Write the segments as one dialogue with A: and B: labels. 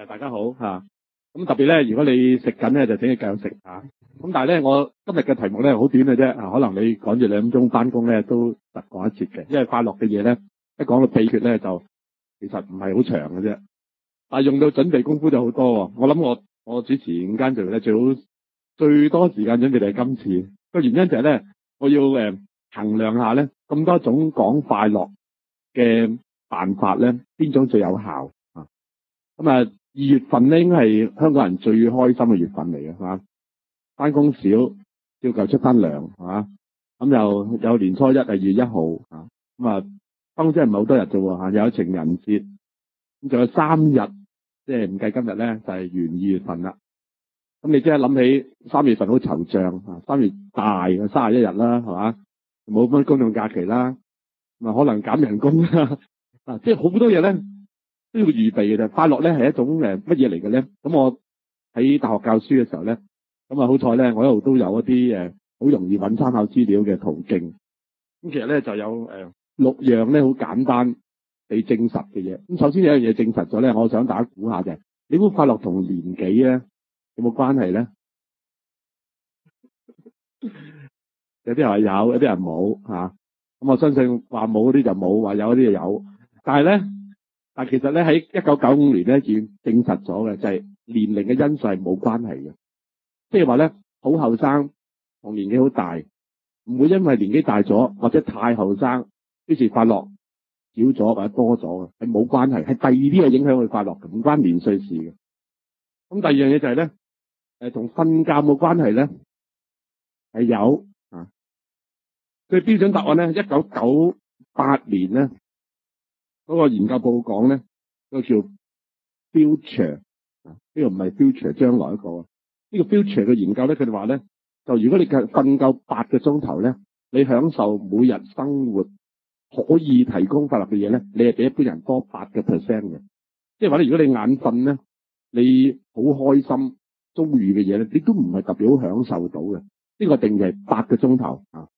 A: 誒大家好嚇，咁特別咧，如果你食緊咧，就請你繼續食嚇。咁但係咧，我今日嘅題目咧好短嘅啫，啊，可能你趕住兩點鐘返工咧都突過一節嘅，因為快樂嘅嘢咧，一講到秘訣咧就其實唔係好長嘅啫，但係用到準備功夫就好多。我諗我我主持五間聚會咧最好最多時間準備就係今次，個原因就係咧，我要誒衡量下咧咁多種講快樂嘅辦法咧，邊種最有效啊咁啊。二月份咧，應該係香港人最開心嘅月份嚟嘅，係嘛？翻工少，照舊出翻糧，係嘛？咁又有年初一二月一號，咁啊，翻工真係唔係好多日啫喎，又有情人節，咁仲有三日，即係唔計今日咧，就係、是、元二月份啦。咁你即係諗起三月份好惆悵，三月大，三十一日啦，係嘛？冇乜公眾假期啦，咪可能減人工啦，啊，即係好多嘢咧。都要預備嘅啫。快樂咧係一種誒乜嘢嚟嘅咧？咁我喺大學教書嘅時候咧，咁啊好彩咧，我一路都有一啲誒好容易揾參考資料嘅途徑。咁其實咧就有誒、呃、六樣咧好簡單被證實嘅嘢。咁首先有一樣嘢證實咗咧，我想大家估下嘅。你估快樂同年紀咧有冇關係咧？ 有啲人話有，有啲人冇吓。咁、啊、我相信話冇嗰啲就冇，話有嗰啲就有。但係咧。但其實咧，喺一九九五年咧，已經證實咗嘅就係年齡嘅因素係冇關係嘅，即係話咧，好後生同年紀好大，唔會因為年紀大咗或者太後生，於是快樂少咗或者多咗嘅係冇關係，係第二啲嘢影響佢快樂，唔關年歲事嘅。咁第二樣嘢就係咧，誒同瞓覺冇關係咧，係有啊。最標準的答案咧，一九九八年咧。嗰個研究報告講咧，就叫 future，呢個唔係 future，將來一個。呢個 future 嘅研究咧，佢哋話咧，就如果你夠瞓夠八個鐘頭咧，你享受每日生活可以提供快樂嘅嘢咧，你係比一般人多八個 percent 嘅。即係話咧，就是、如果你眼瞓咧，你好開心、中意嘅嘢咧，你都唔係特別好享受到嘅。呢個定義係八個鐘頭啊。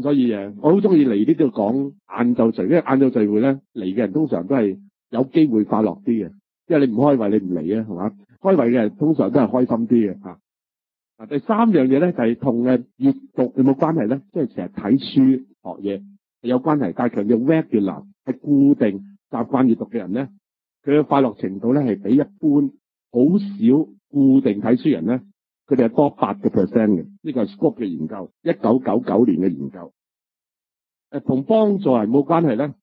A: 所以誒，我好中意嚟呢度講晏晝聚，因為晏晝聚會咧嚟嘅人通常都係有機會快樂啲嘅，因為你唔開胃你唔嚟啊，係嘛？開胃嘅人通常都係開心啲嘅嚇。嗱第三樣嘢咧就係同誒閱讀有冇關係咧？即係成日睇書學嘢有關係，但係強調 regular 係固定習慣閱讀嘅人咧，佢嘅快樂程度咧係比一般好少固定睇書人咧。佢哋係多八個 percent 嘅，呢、這個係 Schock 嘅研究，一九九九年嘅研究。誒，同幫助人冇關係咧？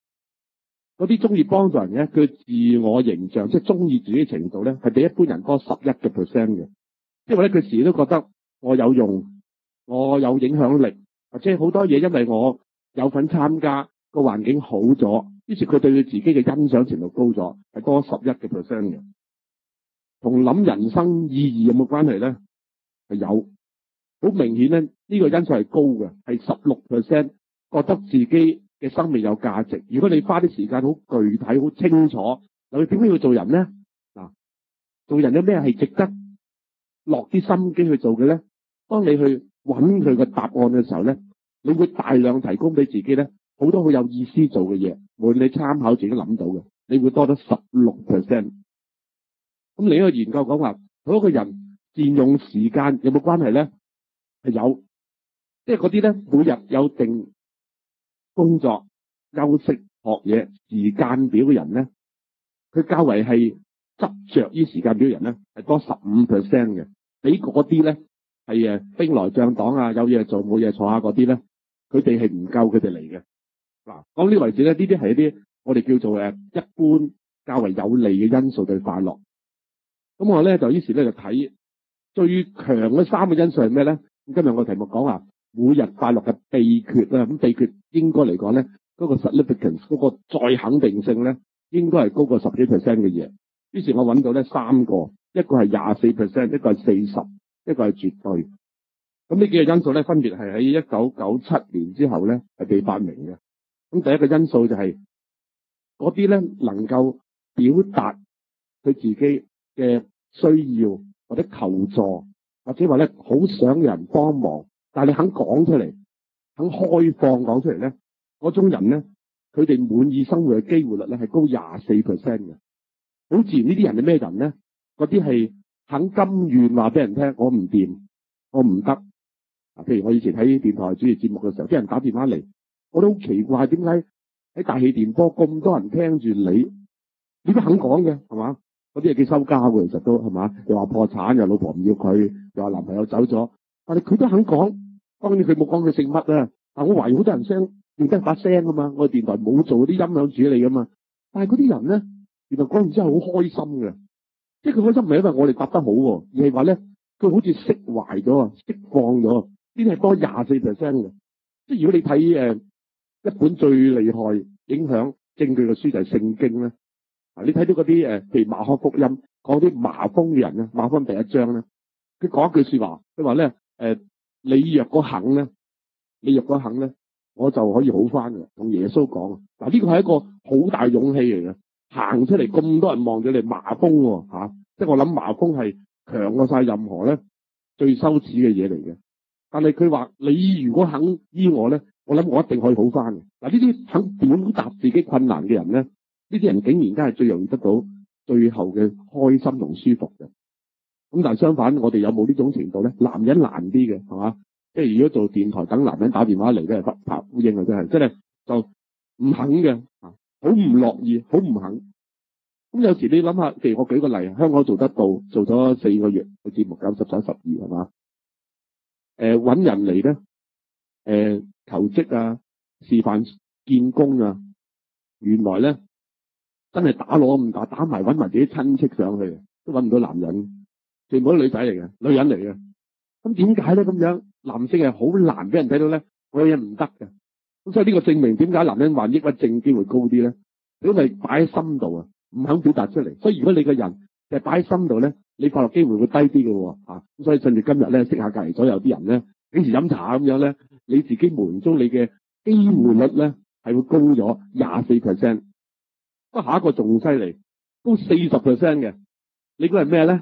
A: 嗰啲中意幫助人嘅，佢自我形象，即係中意自己程度咧，係比一般人多十一個 percent 嘅。即係話咧，佢時都覺得我有用，我有影響力，或者好多嘢，因為我有份參加個環境好咗，於是佢對佢自己嘅欣賞程度高咗，係多十一個 percent 嘅。同諗人生意義有冇關係咧？係有，好明顯咧，呢、這個因素係高嘅，係十六 percent 覺得自己嘅生命有價值。如果你花啲時間好具體、好清楚，你會點樣去做人咧？嗱、啊，做人有咩係值得落啲心機去做嘅咧？當你去揾佢個答案嘅時候咧，你會大量提供俾自己咧，好多好有意思做嘅嘢，無論你參考自己諗到嘅，你會多得十六 percent。咁另一個研究講話，佢個一個人，佔用時間有冇關係咧？係有，即係嗰啲咧每日有定工作、休息、學嘢時間表嘅人咧，佢較為係執著於時間表嘅人咧，係多十五 percent 嘅，比嗰啲咧係誒兵來將擋啊，有嘢做冇嘢坐下嗰啲咧，佢哋係唔夠佢哋嚟嘅。嗱，講呢為止咧，呢啲係一啲我哋叫做一般較為有利嘅因素對快樂。咁我咧就於是咧就睇。最強嘅三個因素係咩呢？今日我個題目講啊，每日快樂嘅秘訣啦。咁秘訣應該嚟講呢，嗰、嗰個 salience 嗰個再肯定性呢，應該係高過十幾 percent 嘅嘢。於是，我揾到呢三個，一個係廿四 percent，一個係四十，一個係絕對。咁呢幾個因素呢，分別係喺一九九七年之後呢，係被發明嘅。咁第一個因素就係嗰啲呢，能夠表達佢自己嘅需要。或者求助，或者話咧，好想有人幫忙，但係你肯講出嚟，肯開放講出嚟咧，嗰種人咧，佢哋滿意生活嘅機會率咧，係高廿四 percent 嘅。好自然呢啲人係咩人咧？嗰啲係肯甘願話俾人聽，我唔掂，我唔得。嗱，譬如我以前喺電台主持節目嘅時候，啲人打電話嚟，我都好奇怪，點解喺大氣電波咁多人聽住你，你都肯講嘅，係嘛？嗰啲嘢幾收家喎，其實都係嘛？又話破產，又老婆唔要佢，又話男朋友走咗，但係佢都肯講，當然佢冇講佢姓乜啦。但我懷疑好多人聲，亦都係把聲噶嘛。我電台冇做啲音響處理噶嘛，但係嗰啲人咧，原來講完之後好開心嘅，即係佢開心唔係因為我哋答得好，而係話咧佢好似釋懷咗啊，釋放咗。呢啲係多廿四 percent 嘅，即係如果你睇誒一本最厲害的影響證據嘅書就係《聖經》咧。嗱，你睇到嗰啲誒，譬如馬可福音講啲麻風嘅人咧，麻風第一章咧，佢講一句說話，佢話咧，誒、呃，你若果肯咧，你若果肯咧，我就可以好翻嘅。同耶穌講，嗱、這、呢個係一個好大勇氣嚟嘅，行出嚟咁多人望住你麻風吓、啊啊，即係我諗麻風係強過晒任何咧最羞恥嘅嘢嚟嘅。但係佢話你如果肯醫我咧，我諗我一定可以好翻嘅。嗱，呢啲肯表達自己困難嘅人咧。呢啲人竟然都係最容易得到最後嘅開心同舒服嘅，咁但係相反，我哋有冇呢種程度咧？男人難啲嘅，係嘛？即係如果做電台等男人打電話嚟咧，都係不答呼應啊，真係真係就唔肯嘅，好唔樂意，好唔肯。咁有時你諗下，譬如我舉一個例，香港做得到，做咗四個月嘅節目，九、十、十一、十二，係嘛？誒、呃、揾人嚟咧，誒、呃、求職啊、示範見工啊，原來咧。真係打鑼咁打，打埋揾埋自己親戚上去，都揾唔到男人，全部都女仔嚟嘅，女人嚟嘅。咁點解咧咁樣？男性係好難俾人睇到咧，我有嘢唔得嘅。咁所以呢個證明點解男人患抑鬱症機會高啲咧？因為擺喺心度啊，唔肯表達出嚟。所以如果你個人就係擺喺心度咧，你快樂機會會低啲嘅。啊。吓，咁所以趁住今日咧，識下隔籬左右啲人咧，幾時飲茶咁樣咧？你自己滿足你嘅機會率咧，係會高咗廿四 percent。下一個仲犀利，高四十 percent 嘅，你估係咩咧？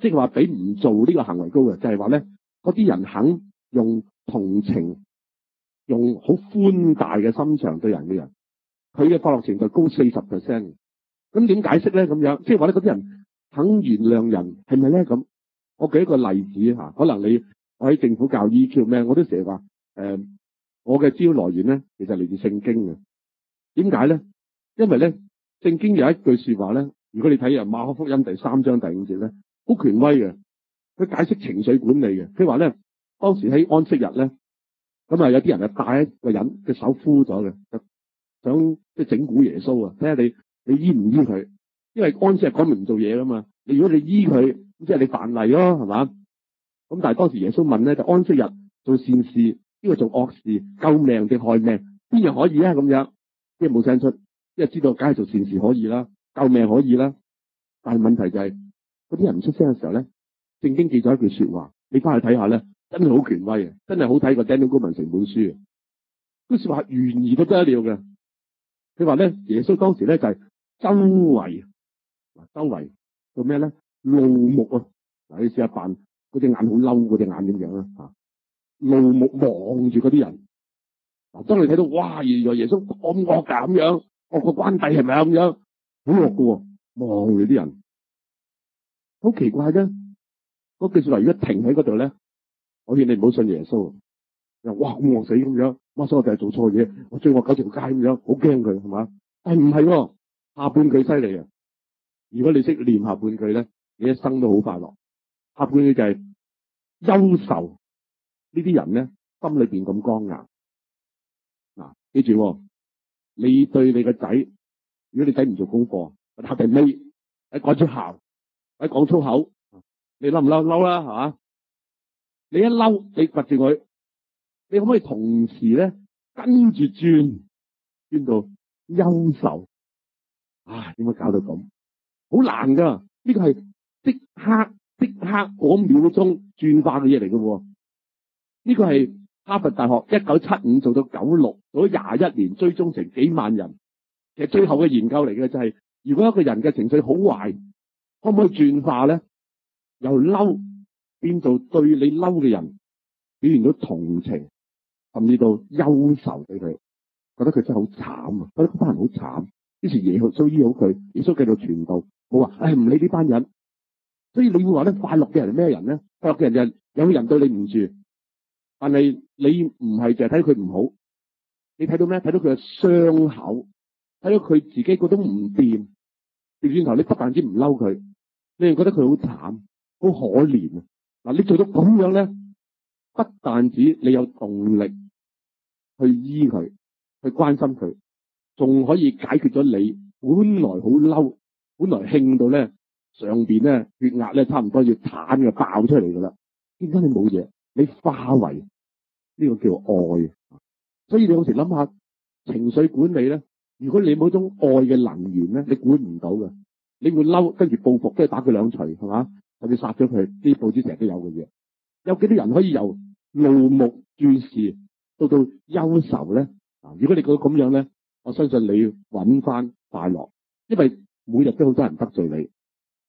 A: 即係話比唔做呢個行為高嘅，就係話咧，嗰啲人肯用同情、用好寬大嘅心腸對人嘅人，佢嘅快樂程度高四十 percent。咁點解釋咧？咁樣即係話咧，嗰啲人肯原諒人，係咪咧？咁我舉一個例子吓，可能你我喺政府教 E Q 咩、呃，我都成日話誒，我嘅資料來源咧，其實嚟自聖經嘅。點解咧？因為咧。聖經有一句說話咧，如果你睇啊馬可福音第三章第五節咧，好權威嘅，佢解釋情緒管理嘅。譬如話咧，當時喺安息日咧，咁啊有啲人就帶一個人嘅手枯咗嘅，就想即係整蠱耶穌啊，睇下你你醫唔醫佢？因為安息日講明唔做嘢噶嘛，你如果你醫佢，咁即係你犯例咯，係嘛？咁但係當時耶穌問咧，就安息日做善事，呢、這個做惡事，救命定害命，邊樣可以啊？咁樣即係冇聲出。一係知道，梗係做善事可以啦，救命可以啦。但問題就係嗰啲人唔出聲嘅時候呢，正經記咗一句說話，你返去睇下呢，真係好權威，真係好睇過 Daniel《頂佬公 n 成本書嘅。嗰説話懸疑都原而不得了嘅。佢話呢，耶穌當時呢就係周圍，周圍做咩呢？怒目啊！嗱，你試下扮嗰隻眼好嬲，嗰隻眼點樣啊？嚇！怒目望住嗰啲人。當你睇到嘩，原來耶穌咁惡㗎樣。我個關帝係咪啊咁樣好惡噶？望你啲人，好奇怪啫！句說話如果停喺嗰度咧，我勸你唔好信耶穌。又哇咁惡死咁樣，嘛，所以我就係做錯嘢，我追我九條街咁樣，好驚佢係嘛？但係唔係，下半句犀利啊！如果你識念下半句咧，你一生都好快樂。下半句就係憂愁，呢啲人咧心裏邊咁剛硬。嗱，記住哦。.你對你個仔，如果你仔唔做功課，你撻定你，喺趕出校，喺講粗口，你嬲唔嬲？嬲啦，係嘛？你一嬲，你罰住佢，你可唔可以同時咧跟住轉，轉到憂愁？啊，點解搞到咁？好難噶，呢個係即刻即刻嗰秒鐘轉化嘅嘢嚟喎。呢個係哈佛大學一九七五做到九六。如果廿一年追蹤成幾萬人，其實最後嘅研究嚟嘅就係、是，如果一個人嘅情緒好壞，可唔可以轉化咧？由嬲變到對你嬲嘅人，表現到同情，甚至到憂愁俾佢，覺得佢真係好慘啊！覺得班人好慘，於是耶穌要醫好佢，耶穌繼續傳道。我話，唉，唔理呢班人。所以你會話咧，快樂嘅人係咩人咧？快樂嘅人就係有個人對你唔住，但係你唔係淨係睇佢唔好。你睇到咩？睇到佢嘅傷口，睇到佢自己嗰種唔掂。調轉頭，你不但止唔嬲佢，你又覺得佢好慘，好可憐啊！嗱，你做到咁樣咧，不但止你有動力去醫佢，去關心佢，仲可以解決咗你本來好嬲，本來興到咧上邊咧血壓咧差唔多要慘嘅爆出嚟噶啦，點解你冇嘢？你化為呢、這個叫愛。所以你有時諗下情緒管理咧，如果你冇種愛嘅能源咧，你管唔到嘅，你會嬲，跟住報復，跟住打佢兩錘，係嘛，或者殺咗佢，啲報紙成日都有嘅嘢。有幾多人可以由怒目注視到到憂愁咧？嗱，如果你覺得咁樣咧，我相信你搵翻快樂，因為每日都好多人得罪你，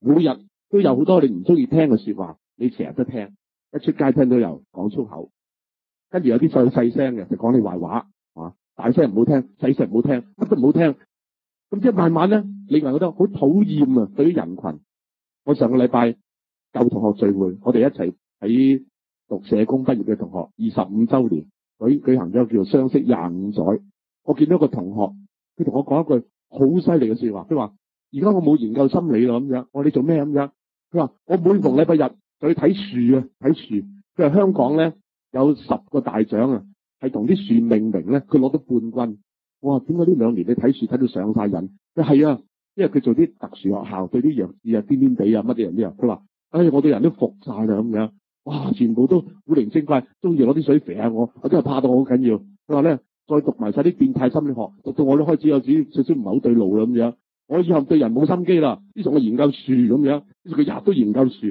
A: 每日都有好多你唔中意聽嘅說話，你成日都聽，一出街聽到又講粗口。跟住有啲細細聲嘅，就講你壞話啊！大聲唔好聽，細聲唔好聽，乜都唔好聽。咁即係慢慢咧，你話覺得好討厭啊！對於人群，我上個禮拜舊同學聚會，我哋一齊喺讀社工畢業嘅同學二十五周年舉舉行咗，叫做相識廿五載。我見到一個同學，佢同我講一句好犀利嘅說話，佢話，而家我冇研究心理啦咁樣。我話，你做咩咁樣？佢話，我每逢禮拜日就去睇樹啊，睇樹。佢話香港咧。有十個大獎啊，係同啲樹命名咧。佢攞到冠軍，哇！點解呢兩年你睇樹睇到上晒癮？佢、啊、係啊，因為佢做啲特殊學校，對啲弱智啊、癲癲地啊乜嘢人呢？佢話：哎我對人都服晒啦咁樣，哇！全部都古靈精怪，中意攞啲水肥下我，我真係怕到我好緊要。佢話咧，再讀埋晒啲變態心理學，讀到我都開始有少少少唔係好對路啦咁樣。我以後對人冇心機啦，呢度我研究樹咁樣，呢度佢日都研究樹。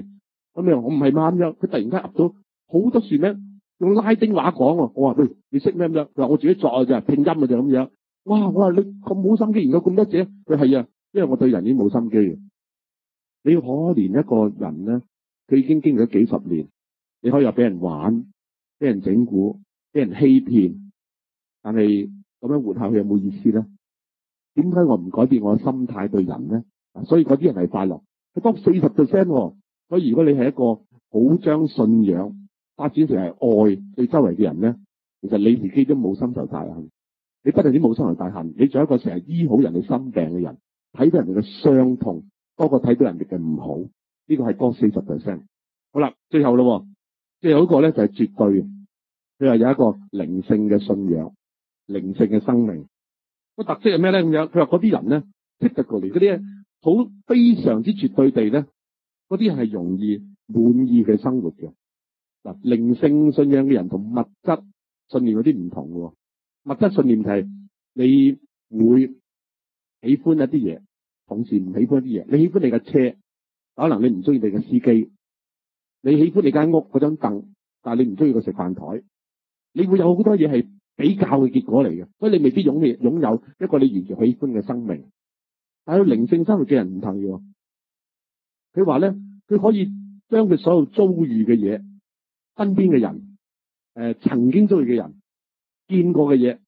A: 咁你話我唔係嘛？咁樣佢突然間學到好多樹名。用拉丁話講喎，我話喂，你識咩咁樣？佢話我自己作啊，咋拼音啊，咋咁樣？哇！我話你咁冇心機，研究咁多字，佢係啊，因為我對人已經冇心機嘅。你要可憐一個人咧，佢已經經歷咗幾十年，你可以又俾人玩，俾人整蠱，俾人欺騙，但係咁樣活下佢有冇意思咧？點解我唔改變我嘅心態對人咧？所以嗰啲人係快樂，佢當四十 percent 喎。所以如果你係一個好張信仰。發展成係愛對周圍嘅人咧，其實你自己都冇深仇大恨，你不但止冇深仇大恨，你仲有一個成日醫好人哋心病嘅人，睇到人哋嘅傷痛多過睇到人哋嘅唔好，呢、呢個係多四十 percent。好啦，最後咯，最後一個咧就係絕對，佢話有一個靈性嘅信仰、靈性嘅生命，個特色係咩咧？咁樣佢話嗰啲人咧，typically 嗰啲好非常之絕對地咧，嗰啲係容易滿意嘅生活嘅。靈性信仰嘅人同物質信念有啲唔同嘅，物質信念係你會喜歡一啲嘢，同時唔喜歡一啲嘢。你喜歡你嘅車，可能你唔中意你嘅司機；你喜歡你間屋嗰張凳但係你唔中意個食飯台。你會有好多嘢係比較嘅結果嚟嘅，所以你未必擁有一個你完全喜歡嘅生命。但係佢靈性生活嘅人唔同嘅，佢話咧，佢可以將佢所有遭遇嘅嘢。身邊嘅人，誒、呃，曾經遭遇嘅人，見過嘅嘢，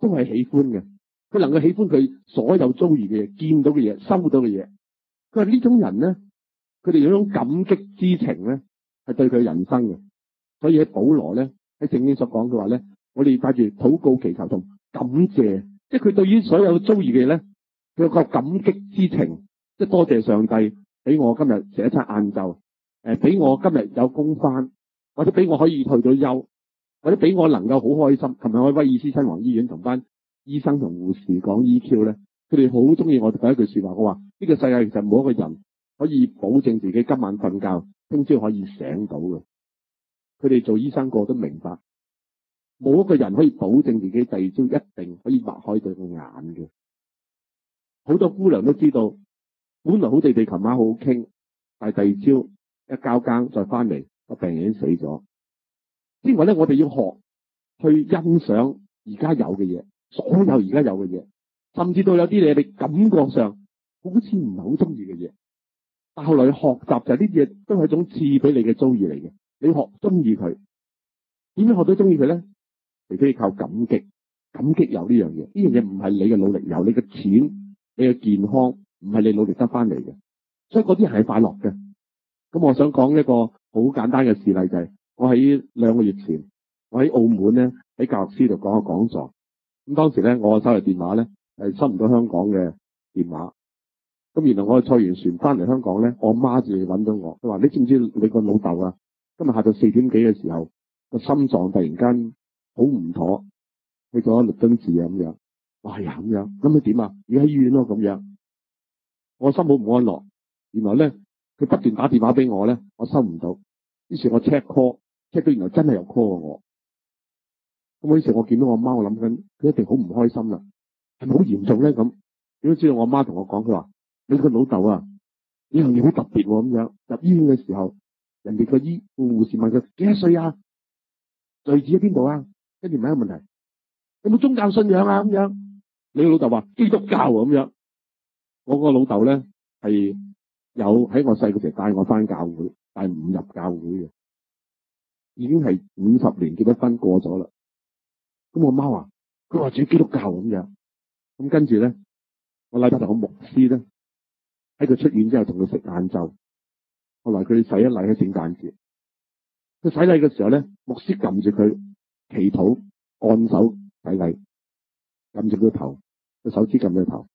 A: 都係喜歡嘅。佢能夠喜歡佢所有遭遇嘅嘢、見到嘅嘢、收到嘅嘢，佢話呢種人咧，佢哋有種感激之情咧，係對佢人生嘅。所以喺保羅咧喺聖經所講嘅話咧，我哋帶住禱告祈求同感謝，即係佢對於所有遭遇嘅嘢咧，佢有個感激之情，即係多謝上帝俾我今日食一餐晏晝，誒、呃，俾我今日有工翻。或者俾我可以退咗休，或者俾我能夠好開心。琴日我喺威爾斯親王醫院同班醫生同護士講 EQ 咧，佢哋好中意我第一句說話。我話呢個世界其實冇一個人可以保證自己今晚瞓覺，聽朝可以醒到嘅。佢哋做醫生個都明白，冇一個人可以保證自己第二朝一定可以擘開對個眼嘅。好多姑娘都知道，本來好地地，琴晚好好傾，但係第二朝一交更再翻嚟。個病已經死咗，呢位咧，我哋要學去欣賞而家有嘅嘢，所有而家有嘅嘢，甚至到有啲嘢你哋感覺上好似唔係好中意嘅嘢，但係後來去學習就係呢啲嘢都係一種賜俾你嘅遭遇嚟嘅。你學中意佢，點樣學到中意佢咧？你都要靠感激，感激有呢樣嘢，呢樣嘢唔係你嘅努力，有你嘅錢，你嘅健康，唔係你努力得翻嚟嘅。所以嗰啲人係快樂嘅。咁我想講一個。好簡單嘅事例就係，我喺兩個月前，我喺澳門咧喺教育師度講個講座，咁當時咧我嘅手提電話咧係收唔到香港嘅電話，咁原來我係坐完船翻嚟香港咧，我媽先揾到我，佢話：你知唔知你個老豆啊，啊？今日下晝四點幾嘅時候，個心臟突然間好唔妥，做咗律敦治啊咁樣。我呀，咁樣，咁佢點啊？而家喺醫院咯、啊、咁樣，我心好唔安樂。原來咧。佢不斷打電話俾我咧，我收唔到。於是我，我 check call，check 到原來真係有 call 我。咁嗰時我見到我媽，我諗緊佢一定好唔開心啦。係咪好嚴重咧？咁點知道我阿媽同我講：佢話你個老豆啊，你行為好特別咁、啊、樣。入醫院嘅時候，人哋個醫護護士問佢幾多歲啊？住址喺邊度啊？跟住問一個問題：有冇宗教信仰啊？咁樣你個老豆話基督教啊咁樣。我個老豆咧係。有喺我細個時帶我翻教會，但五唔入教會嘅，已經係五十年結多分過咗啦。咁我媽話，佢話住基督教咁樣，咁跟住咧，我禮拜同個牧師咧喺佢出院之後同佢食晏晝，後來佢洗一禮喺聖誕節，佢洗禮嘅時候咧，牧師撳住佢祈禱按手洗禮，撳住佢頭，個手指撳佢頭。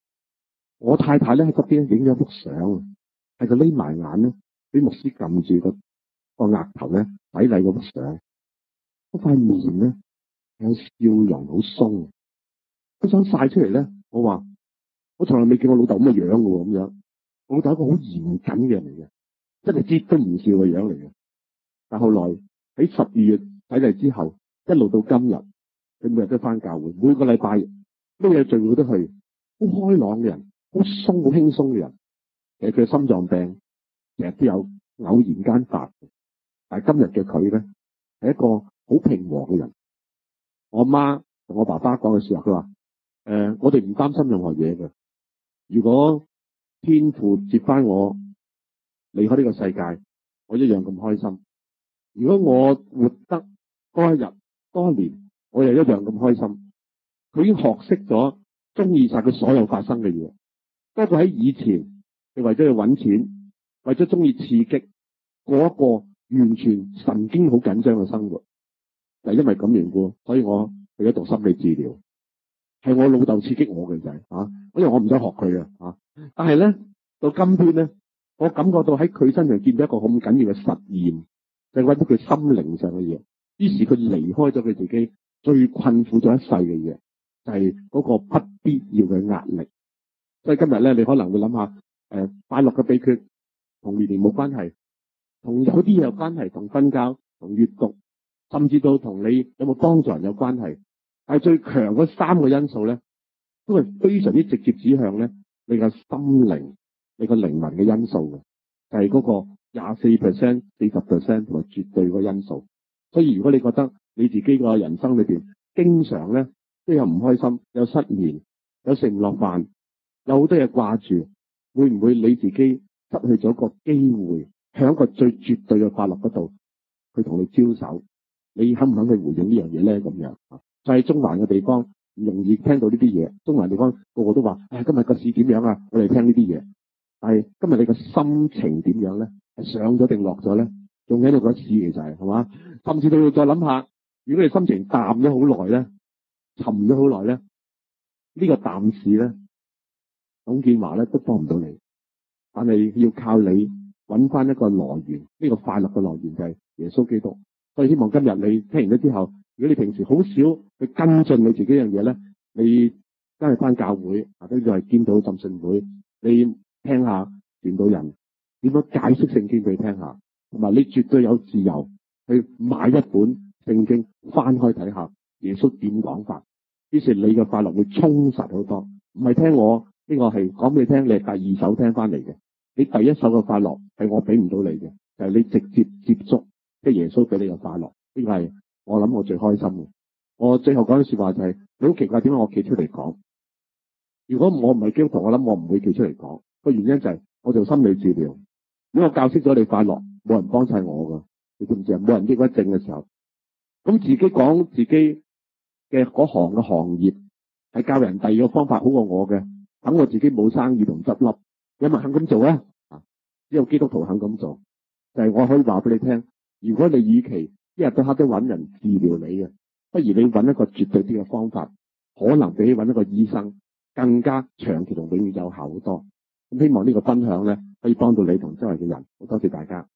A: 我太太咧喺側邊影咗幅相。係佢匿埋眼咧，俾牧師撳住個個額頭咧，洗禮嗰張相，嗰塊面咧有笑容，好鬆。佢想晒出嚟咧，我話我從來未見過老豆咁嘅樣噶喎，咁樣我老豆係一個好嚴謹嘅人嚟嘅，真係啲都唔笑嘅樣嚟嘅。但後來喺十二月洗禮之後，一路到今日，佢每日都返教會，每個禮拜咩嘢聚會都去，好開朗嘅人，好鬆、好輕鬆嘅人。誒，佢嘅心臟病成日都有偶然間發，但係今日嘅佢咧係一個好平和嘅人。我媽同我爸爸講嘅時候，佢話：誒、呃，我哋唔擔心任何嘢嘅。如果天父接翻我離開呢個世界，我一樣咁開心。如果我活得多一日、多一年，我又一樣咁開心。佢已經學識咗中意晒佢所有發生嘅嘢，不過佢喺以前。你為咗要去搵錢，為咗中意刺激，過一個完全神經好緊張嘅生活，就係、因為咁緣故，所以我去咗讀心理治療，係我老豆刺激我嘅就係。因、啊、為我唔想學佢嘅啊。但係咧，到今天咧，我感覺到喺佢身上見到一個好緊要嘅實驗，就係搵到佢心靈上嘅嘢。於是佢離開咗佢自己最困苦咗一世嘅嘢，就係、是、嗰個不必要嘅壓力。所以今日咧，你可能會諗下。誒，快樂嘅秘訣同年齡冇關係，同有啲嘢有關係，同瞓覺、同閱讀，甚至到同你有冇幫助人有關係。但係最強嗰三個因素咧，都係非常之直接指向咧你嘅心靈、你個靈魂嘅因素嘅，就係、是、嗰個廿四 percent、四十 percent 同埋絕對個因素。所以如果你覺得你自己個人生裏邊經常咧都有唔開心、有失眠、有食唔落飯、有好多嘢掛住。會唔會你自己失去咗個機會，喺一個最絕對嘅法律嗰度，去同你招手，你肯唔肯去回應呢樣嘢咧？咁樣，就喺中環嘅地方，唔容易聽到呢啲嘢。中環地方個個都話，唉、哎，今日個市點樣啊？我哋聽呢啲嘢。但係今日你個心情點樣咧？上咗定落咗咧？仲喺度講市，其實係嘛？甚至你到再諗下，如果你心情淡咗好耐咧，沉咗好耐咧，呢、這個淡市咧？董建華咧，都幫唔到你，但係要靠你揾翻一個來源，呢個快樂嘅來源就係耶穌基督。所以希望今日你聽完咗之後，如果你平時好少去跟進你自己呢樣嘢咧，你真係翻教會啊，就係見到浸信會，你聽下見到人點樣解釋聖經俾你聽下，同埋你絕對有自由去買一本聖經翻開睇下，耶穌點講法，於是你嘅快樂會充實好多。唔係聽我。呢個係講俾你聽，你係第二首聽翻嚟嘅。你第一首嘅快樂係我俾唔到你嘅，就係你直接接觸，即係耶穌俾你嘅快樂。呢個係我諗我最開心嘅。我最後講嘅說話就係：你好奇怪，點解我企出嚟講？如果我唔係基督徒，我諗我唔會企出嚟講。個原因就係我做心理治療，如果我教識咗你快樂，冇人幫襯我噶，你知唔知啊？冇人抑鬱症嘅時候，咁自己講自己嘅嗰行嘅行業係教人第二個方法好過我嘅。等我自己冇生意同執笠，有咪肯咁做啊？只有基督徒肯咁做，就係、是、我可以話俾你聽，如果你與其一日到黑都揾人治療你嘅，不如你揾一個絕對啲嘅方法，可能比揾一個醫生更加長期同永遠有效好多。咁希望呢個分享咧，可以幫到你同周圍嘅人。好多謝大家。